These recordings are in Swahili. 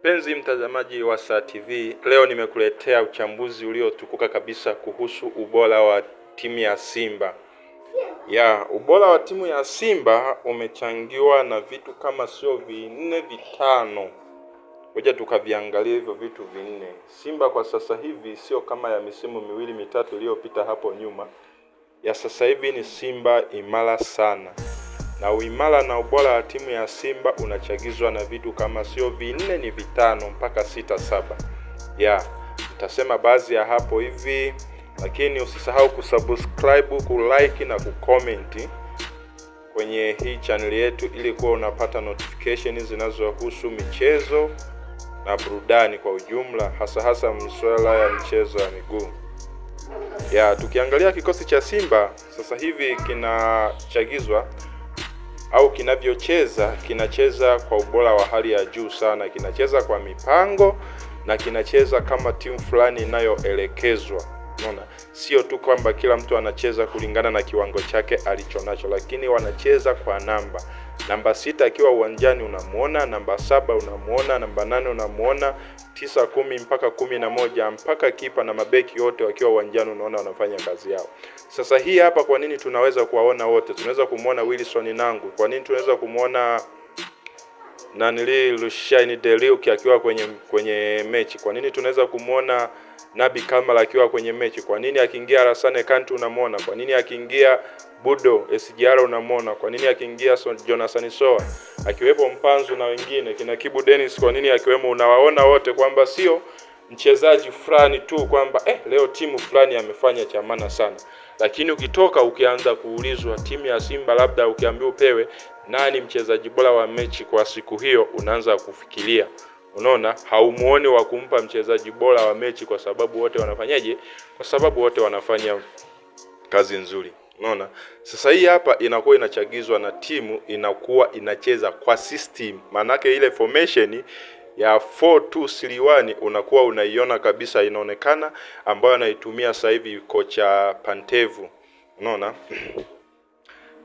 Mpenzi mtazamaji wa Saa TV, leo nimekuletea uchambuzi uliotukuka kabisa kuhusu ubora wa timu ya Simba. Ya, ubora wa timu ya Simba umechangiwa na vitu kama sio vinne vitano. Ngoja tukaviangalia hivyo vitu vinne. Simba kwa sasa hivi sio kama ya misimu miwili mitatu iliyopita hapo nyuma. Ya sasa hivi ni Simba imara sana na uimara na ubora wa timu ya Simba unachagizwa na vitu kama sio vinne ni vitano mpaka sita saba. Yeah, nitasema baadhi ya hapo hivi, lakini usisahau kusubscribe, kulike na kucomment kwenye hii channel yetu ili kuwa unapata notification zinazohusu michezo na burudani kwa ujumla, hasa hasa masuala ya michezo ya miguu. Ya, tukiangalia kikosi cha Simba sasa hivi kinachagizwa au kinavyocheza kinacheza kwa ubora wa hali ya juu sana, kinacheza kwa mipango na kinacheza kama timu fulani inayoelekezwa. Unaona, sio tu kwamba kila mtu anacheza kulingana na kiwango chake alichonacho, lakini wanacheza kwa namba. Namba sita akiwa uwanjani unamwona, namba saba unamwona, namba nane unamwona, tisa, kumi mpaka kumi na moja mpaka kipa na mabeki wote wakiwa uwanjani unaona wanafanya kazi yao. Sasa hii hapa, kwa nini tunaweza kuwaona wote? Tunaweza kumwona Wilson Nangu, kwa nini tunaweza kumwona Nanili Lushaini Deliuki akiwa kwenye kwenye mechi, kwa nini tunaweza kumwona Nabi Kamal akiwa kwenye mechi. Kwa nini akiingia Rasane Kanté unamwona? Kwa nini akiingia Budo SGR unamwona? Kwa nini akiingia Jonathan Soa akiwepo Mpanzu na wengine kina Kibu Dennis, kwa nini akiwemo? Unawaona wote kwamba sio mchezaji fulani tu kwamba eh, leo timu fulani amefanya cha maana sana, lakini ukitoka ukianza kuulizwa timu ya Simba, labda ukiambiwa upewe nani mchezaji bora wa mechi kwa siku hiyo, unaanza kufikiria Unaona, haumuoni wa kumpa mchezaji bora wa mechi kwa sababu wote wanafanyaje? Kwa sababu wote wanafanya kazi nzuri. Unaona, sasa hii hapa inakuwa inachagizwa na timu inakuwa inacheza kwa system, maanake ile formation ya 4231 unakuwa unaiona kabisa, inaonekana ambayo anaitumia sasa hivi kocha Pantevu. Unaona,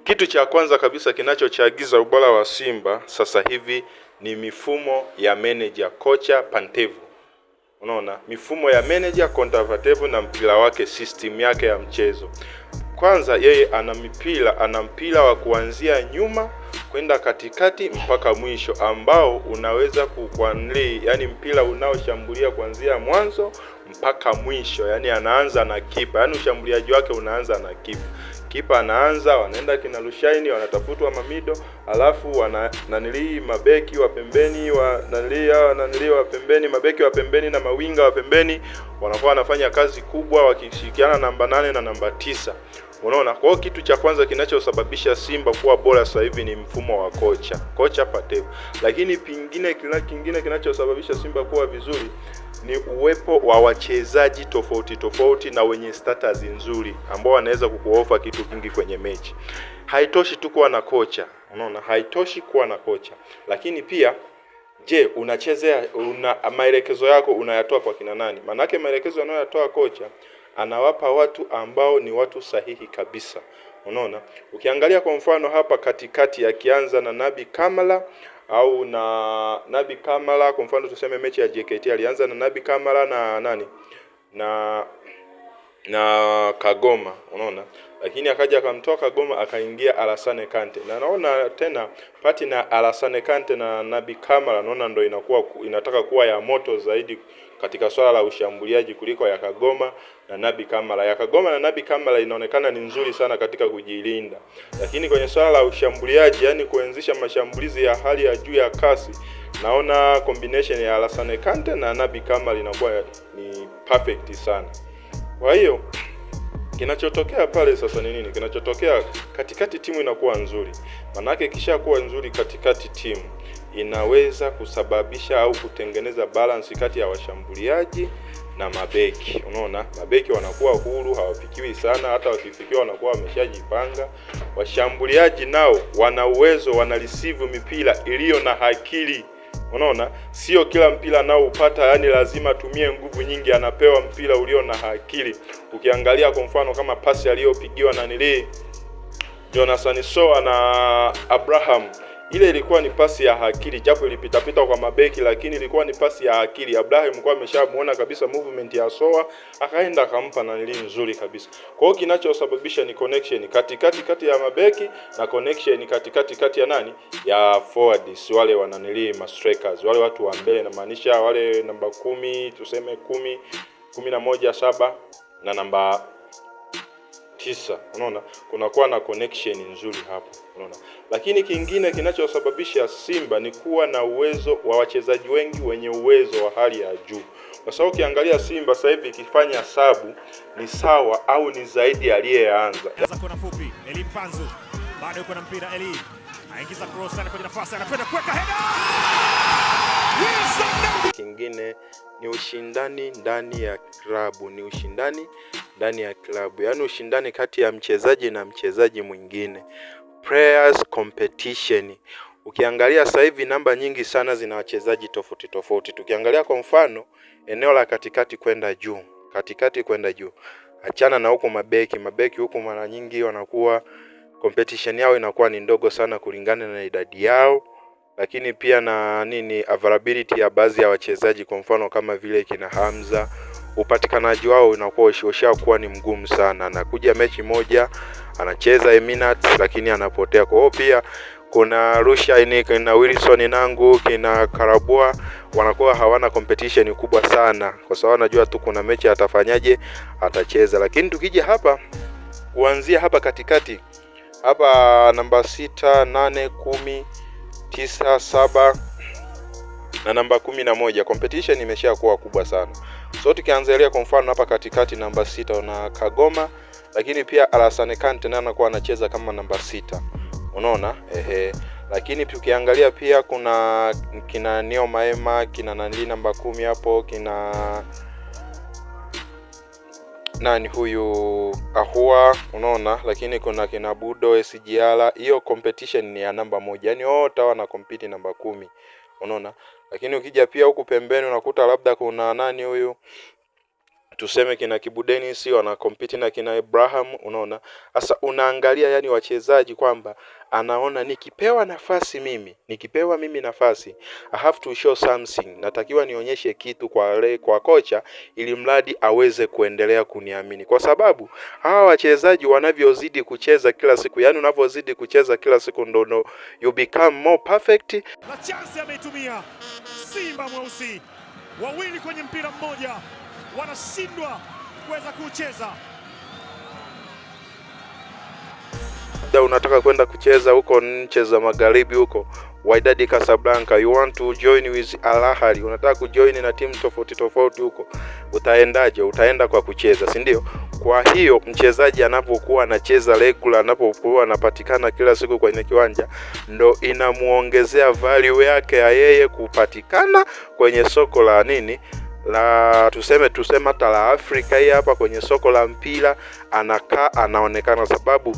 kitu cha kwanza kabisa kinachochagiza ubora wa Simba sasa hivi ni mifumo ya manager kocha Pantevu. Unaona, mifumo ya manager Kontavatebo na mpira wake, system yake ya mchezo. Kwanza yeye ana mipira, ana mpira wa kuanzia nyuma kwenda katikati mpaka mwisho ambao unaweza kukuanli, yani mpira unaoshambulia kuanzia mwanzo mpaka mwisho, yani anaanza na kipa, yani ushambuliaji wake unaanza na kipa kipa anaanza, wanaenda kina Lushaini wanatafutwa Mamido, alafu wana nanili mabeki wa pembeni wa hawa nanili wa pembeni mabeki wa pembeni na mawinga wa pembeni wanakuwa wanafanya kazi kubwa wakishirikiana namba nane na namba tisa. Unaona, kwa hiyo kitu cha kwanza kinachosababisha Simba kuwa bora sasa hivi ni mfumo wa kocha kocha Patevu, lakini pingine kingine kinachosababisha Simba kuwa vizuri ni uwepo wa wachezaji tofauti tofauti na wenye status nzuri ambao wanaweza kukuofa kitu kingi kwenye mechi. Haitoshi tu kuwa na kocha, unaona, haitoshi kuwa na kocha, lakini pia je, unachezea una maelekezo yako unayatoa kwa kina nani? Maanake maelekezo anayoyatoa kocha anawapa watu ambao ni watu sahihi kabisa. Unaona, ukiangalia kwa mfano hapa katikati akianza na Nabi Kamala au na Nabi Kamara. Kwa mfano tuseme mechi ya JKT alianza na Nabi Kamara na nani na na Kagoma, unaona lakini akaja akamtoka Goma akaingia Alasane Kante, na naona tena pati na Alasane Kante na Nabi Kamara, naona ndo inakuwa inataka kuwa ya moto zaidi katika swala la ushambuliaji kuliko ya Kagoma na Nabi Kamara. Ya Kagoma na Nabi Kamara inaonekana ni nzuri sana katika kujilinda, lakini kwenye swala la ushambuliaji, yani kuanzisha mashambulizi ya hali ya juu ya kasi, naona combination ya Alasane Kante na Nabi Kamara inakuwa ni perfect sana. Kwa hiyo Kinachotokea pale sasa ni nini? Kinachotokea katikati, timu inakuwa nzuri. Manake ikishakuwa nzuri katikati, timu inaweza kusababisha au kutengeneza balance kati ya washambuliaji na mabeki. Unaona, mabeki wanakuwa huru, hawafikiwi sana, hata wakifikiwa wanakuwa wameshajipanga. Washambuliaji nao wana uwezo, wana receive mipira iliyo na akili. Unaona, sio kila mpira anaoupata yani lazima atumie nguvu nyingi, anapewa mpira ulio na akili. Ukiangalia kwa mfano kama pasi aliyopigiwa na nili Jonathan Soa na Abraham ile ilikuwa ni pasi ya akili, japo ilipitapita kwa mabeki, lakini ilikuwa ni pasi ya akili. abrahim kwa ameshamuona kabisa movement ya Soa, akaenda akampa na nili nzuri kabisa. Kwa hiyo kinachosababisha ni connection katikati kati ya mabeki na connection katikati kati ya nani ya forwards, wale wananili strikers, wale watu wa mbele, namaanisha wale namba kumi, tuseme kumi, kumi na moja, saba na namba tisa. Unaona, kunakuwa na connection nzuri hapo, unaona. Lakini kingine kinachosababisha Simba ni kuwa na uwezo wa wachezaji wengi wenye uwezo wa hali ya juu, kwa sababu ukiangalia Simba sasa hivi ikifanya sabu ni sawa au ni zaidi aliyeanza. Kona fupi Eli Mpanzu bado yuko na mpira, Eli aingiza cross, nafasi, kuweka header. Kingine ni ushindani ndani ya klabu, ni ushindani ndani ya klabu, yaani ushindani kati ya mchezaji na mchezaji mwingine, players competition. Ukiangalia sasa hivi namba nyingi sana zina wachezaji tofauti tofauti. Tukiangalia kwa mfano eneo la katikati kwenda juu, katikati kwenda juu, achana na huku mabeki, mabeki huku mara nyingi wanakuwa competition yao inakuwa ni ndogo sana kulingana na idadi yao lakini pia na nini availability ya baadhi ya wachezaji, kwa mfano kama vile kina Hamza, upatikanaji wao unakuwa ushakuwa ni mgumu sana. Anakuja mechi moja anacheza Eminat, lakini anapotea. Kwa hiyo pia kuna Rushaini, kina Wilson nangu, kina Karabua wanakuwa hawana competition kubwa sana, kwa sababu anajua tu kuna mechi atafanyaje, atacheza. Lakini tukija hapa kuanzia hapa katikati hapa namba sita, nane, kumi tisa, saba na namba kumi na moja. Competition imesha kuwa kubwa sana, so tukianzalia kwa mfano hapa katikati namba sita una Kagoma, lakini pia Alasane Kante naye anakuwa anacheza kama namba sita, unaona ehe. Lakini tukiangalia pia kuna kina Neo Maema, kina nani namba kumi hapo, kina nani huyu Ahua, unaona. Lakini kuna kina Budo SGR, hiyo competition ni ya namba moja, yani wote wana compete namba kumi, unaona. Lakini ukija pia huku pembeni unakuta labda kuna nani huyu tuseme kina Kibu Dennis compete na kina Abraham, unaona. Sasa unaangalia yani wachezaji kwamba anaona nikipewa nafasi mimi, nikipewa mimi nafasi I have to show something, natakiwa nionyeshe kitu kwa le, kwa kocha ili mradi aweze kuendelea kuniamini, kwa sababu hawa wachezaji wanavyozidi kucheza kila siku, yani unavyozidi kucheza kila siku ndo no, you become more perfect. Na chance ametumia Simba mweusi wawili kwenye mpira mmoja wanashindwa kuweza kucheza. Unataka kwenda kucheza huko nchi za magharibi huko, Wydad Casablanca, you want to join with Al Ahly, unataka kujoin na timu tofauti tofauti huko, utaendaje? Utaenda kwa kucheza, si ndio? Kwa hiyo mchezaji anapokuwa anacheza regular, anapokuwa anapatikana kila siku kwenye kiwanja, ndo inamuongezea value yake ya yeye kupatikana kwenye soko la nini la tuseme tuseme hata la Afrika hii hapa kwenye soko la mpira anakaa anaonekana, sababu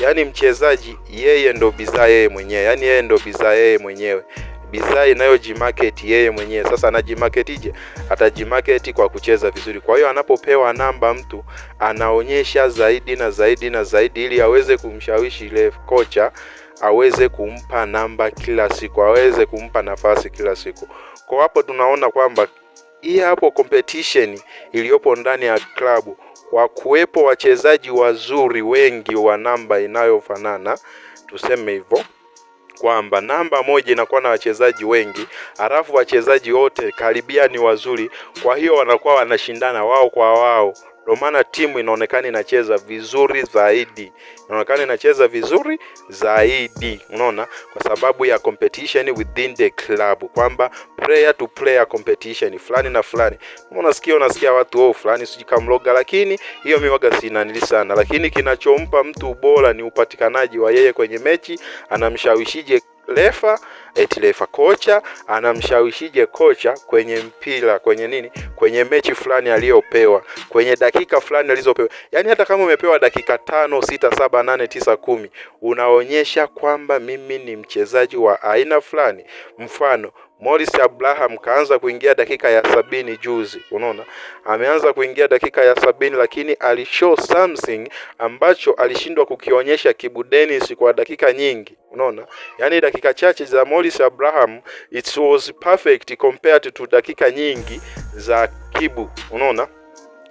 yani mchezaji yeye ndo bidhaa yeye mwenyewe, yani yeye ndo bidhaa yeye mwenyewe bidhaa inayojimarket yeye mwenyewe. Sasa anajimarketije? Atajimarket kwa kucheza vizuri. Kwa hiyo anapopewa namba, mtu anaonyesha zaidi na zaidi na zaidi, ili aweze kumshawishi ile kocha aweze kumpa namba kila siku, aweze kumpa nafasi kila siku. Kwa hapo tunaona kwamba hii hapo competition iliyopo ndani ya klabu kwa kuwepo wachezaji wazuri wengi wa namba inayofanana, tuseme hivyo kwamba namba moja inakuwa na wachezaji wengi, halafu wachezaji wote karibia ni wazuri, kwa hiyo wanakuwa wanashindana wao kwa wao. Ndio maana timu inaonekana inacheza vizuri zaidi, inaonekana inacheza vizuri zaidi, unaona, kwa sababu ya competition within the club, kwamba player to player competition fulani na fulani. Unasikia unasikia watu wao oh, fulani sijui kamloga, lakini hiyo mimi waga sina nili sana, lakini kinachompa mtu ubora ni upatikanaji wa yeye kwenye mechi, anamshawishije refa eti refa kocha anamshawishije kocha kwenye mpira kwenye nini kwenye mechi fulani aliyopewa kwenye dakika fulani alizopewa. Yaani hata kama umepewa dakika tano, sita, saba, nane, tisa, kumi unaonyesha kwamba mimi ni mchezaji wa aina fulani. Mfano Morris Abraham kaanza kuingia dakika ya sabini juzi, unaona ameanza kuingia dakika ya sabini, lakini alishow something ambacho alishindwa kukionyesha Kibu Dennis kwa dakika nyingi, unaona yaani dakika chache za Morris Abraham it was perfect compared to dakika nyingi za Kibu, unaona.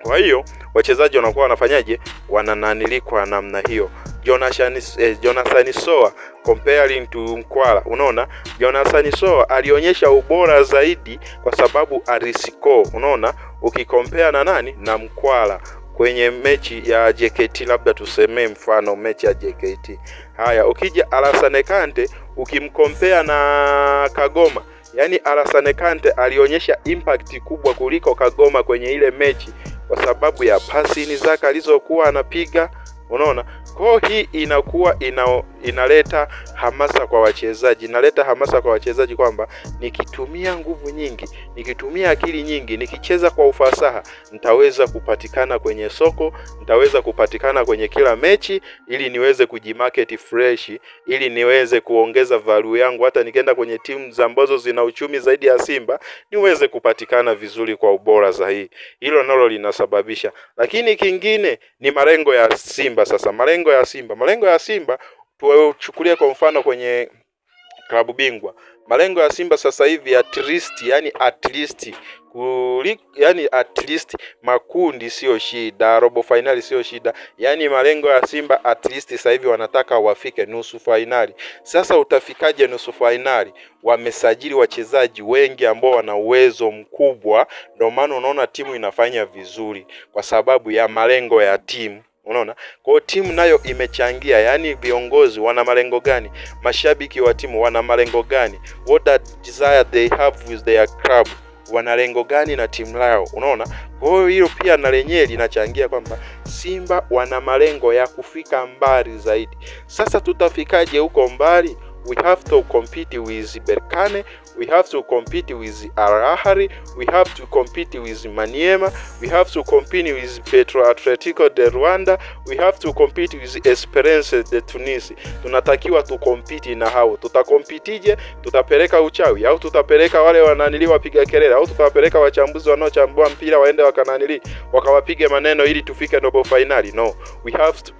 Kwa hiyo wachezaji wanakuwa wanafanyaje, wanananilikwa namna hiyo. Jonathan eh, Jonathan Soa comparing to Mkwala. Unaona, Jonathan Soa alionyesha ubora zaidi kwa sababu alisiko. unaona, ukikompea na nani na Mkwala kwenye mechi ya JKT, labda tusemee mfano mechi ya JKT. Haya, ukija Alassane Kante ukimkompea na Kagoma yani Alassane Kante alionyesha impact kubwa kuliko Kagoma kwenye ile mechi kwa sababu ya pasini zake alizokuwa anapiga, unaona. Kwa hii inakuwa ina inaleta hamasa kwa wachezaji, inaleta hamasa kwa wachezaji kwamba nikitumia nguvu nyingi, nikitumia akili nyingi, nikicheza kwa ufasaha, nitaweza kupatikana kwenye soko, nitaweza kupatikana kwenye kila mechi, ili niweze kujimarket fresh, ili niweze kuongeza value yangu, hata nikienda kwenye timu ambazo zina uchumi zaidi ya Simba niweze kupatikana vizuri kwa ubora zaidi. Hilo nalo linasababisha, lakini kingine ni malengo ya Simba. Sasa malengo ya Simba, malengo ya Simba tuchukulie kwa mfano kwenye klabu bingwa, malengo ya Simba sasa hivi at least, yani at least Kuli, yani at least makundi sio shida, robo fainali sio shida. Yani malengo ya Simba at least sasa hivi wanataka wafike nusu fainali. Sasa utafikaje nusu fainali? Wamesajili wachezaji wengi ambao wana uwezo mkubwa, ndio maana unaona timu inafanya vizuri kwa sababu ya malengo ya timu. Unaona, kwa hiyo timu nayo imechangia, yaani viongozi wana malengo gani? Mashabiki wa timu wana malengo gani? What that desire they have with their club, wana lengo gani na timu lao? Unaona, kwa hiyo hilo pia na lenyewe linachangia kwamba Simba wana malengo ya kufika mbali zaidi. Sasa tutafikaje huko mbali? we have to compete with Berkane, we have to compete with Arahari, we have to compete with Maniema, we have to compete with Petro Atletico de Rwanda, we have to compete with Esperance de Tunisi. Tunatakiwa tukompiti na hao. Tutakompitije? Tutapeleka uchawi au tutapeleka wale wananili wapiga kelele au tutapeleka wachambuzi wanaochambua mpira waende wakananili wakawapige maneno ili tufike robo finali? No, we have to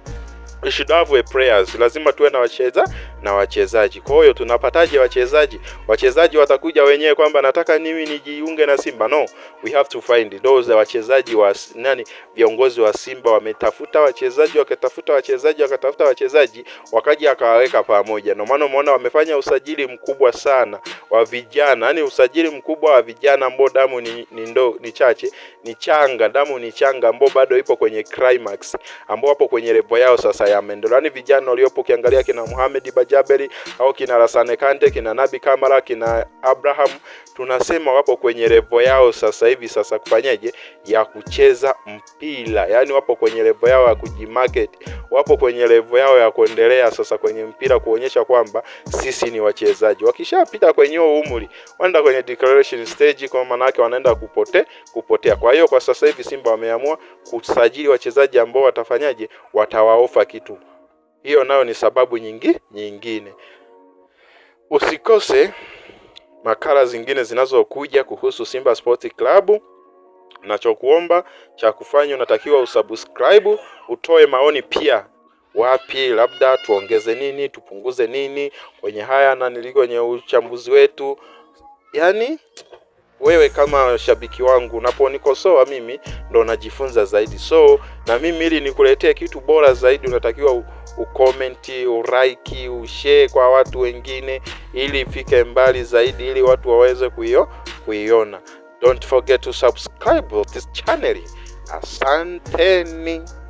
should have a players, lazima tuwe na wacheza na wachezaji. Kwa hiyo tunapataje wachezaji? Wachezaji watakuja wenyewe kwamba nataka mimi nijiunge na Simba? No, we have to find those wachezaji wa nani. Viongozi wa Simba wametafuta wachezaji, wakatafuta wachezaji, wakatafuta wachezaji, wakaja akawaweka pamoja. Ndio maana umeona wamefanya usajili mkubwa sana wa vijana, yani usajili mkubwa wa vijana ambao damu ni, ni, ndo, ni chache ni changa, damu ni changa ambao bado ipo kwenye climax, ambao wapo kwenye level yao sasa ya Mendo. Yaani vijana waliopo ukiangalia kina Mohamed Bajaberi au kina Rasane Kante, kina Nabi Kamara, kina Abraham, tunasema wapo kwenye levo yao sasa hivi, sasa kufanyaje ya kucheza mpira, yaani wapo kwenye levo yao ya kujimarket, wapo kwenye levo yao ya kuendelea sasa kwenye mpira, kuonyesha kwamba sisi ni wachezaji. Wakishapita kwenye huo umri, wanaenda kwenye declaration stage, kwa maana yake wanaenda kupote kupotea. Kwa hiyo kwa sasa hivi Simba wameamua kusajili wachezaji ambao watafanyaje, watawaofa kitu. Hiyo nayo ni sababu nyingi nyingine. Usikose makala zingine zinazokuja kuhusu Simba Sports Club. Nachokuomba cha kufanya, unatakiwa usubscribe, utoe maoni pia wapi labda tuongeze nini tupunguze nini kwenye haya na niliko kwenye uchambuzi wetu, yaani wewe kama shabiki wangu unaponikosoa mimi ndo najifunza zaidi. So na mimi ili nikuletee kitu bora zaidi, unatakiwa ukomenti, uraiki, ushee kwa watu wengine, ili ifike mbali zaidi, ili watu waweze kuio kuiona. Don't forget to subscribe this channel. Asanteni.